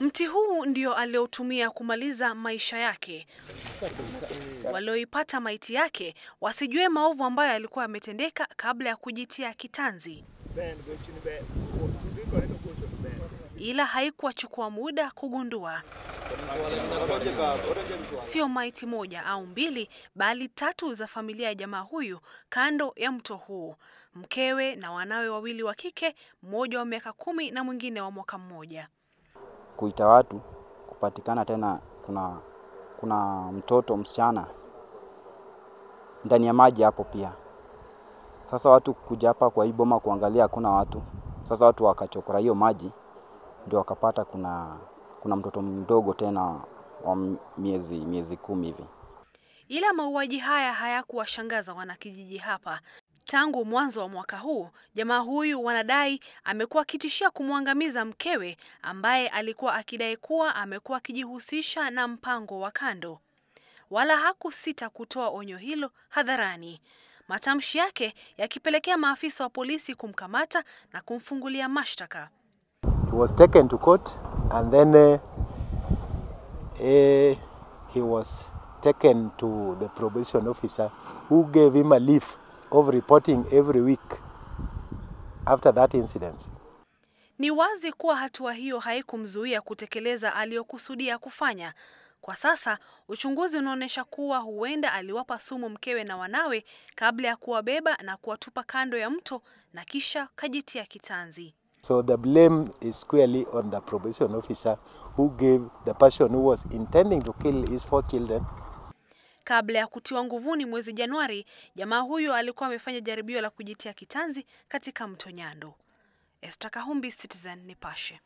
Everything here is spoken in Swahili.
Mti huu ndio aliotumia kumaliza maisha yake. Walioipata maiti yake wasijue maovu ambayo alikuwa ametendeka kabla ya kujitia kitanzi. Ila haikuwachukua muda kugundua, sio maiti moja au mbili, bali tatu za familia ya jamaa huyu kando ya mto huu. Mkewe na wanawe wawili wa kike, mmoja wa miaka kumi na mwingine wa mwaka mmoja kuita watu kupatikana tena kuna, kuna mtoto msichana ndani ya maji hapo pia. Sasa watu kuja hapa kwa hii boma kuangalia hakuna watu. Sasa watu wakachokora hiyo maji ndio wakapata kuna, kuna mtoto mdogo tena wa miezi, miezi kumi hivi. Ila mauaji haya hayakuwashangaza wanakijiji hapa, Tangu mwanzo wa mwaka huu, jamaa huyu wanadai amekuwa akitishia kumwangamiza mkewe ambaye alikuwa akidai kuwa amekuwa akijihusisha na mpango wa kando. Wala hakusita kutoa onyo hilo hadharani. Matamshi yake yakipelekea maafisa wa polisi kumkamata na kumfungulia mashtaka. He was taken to court and then uh, uh, he was taken to the probation officer who gave him a leave of reporting every week after that incident. Ni wazi kuwa hatua hiyo haikumzuia kutekeleza aliyokusudia kufanya. Kwa sasa uchunguzi unaonyesha kuwa huenda aliwapa sumu mkewe na wanawe kabla ya kuwabeba na kuwatupa kando ya mto na kisha kajitia kitanzi. So the blame is squarely on the probation officer who gave the person who was intending to kill his four children Kabla ya kutiwa nguvuni mwezi Januari, jamaa huyo alikuwa amefanya jaribio la kujitia kitanzi katika mto Nyando. Esther Kahumbi, Citizen Nipashe.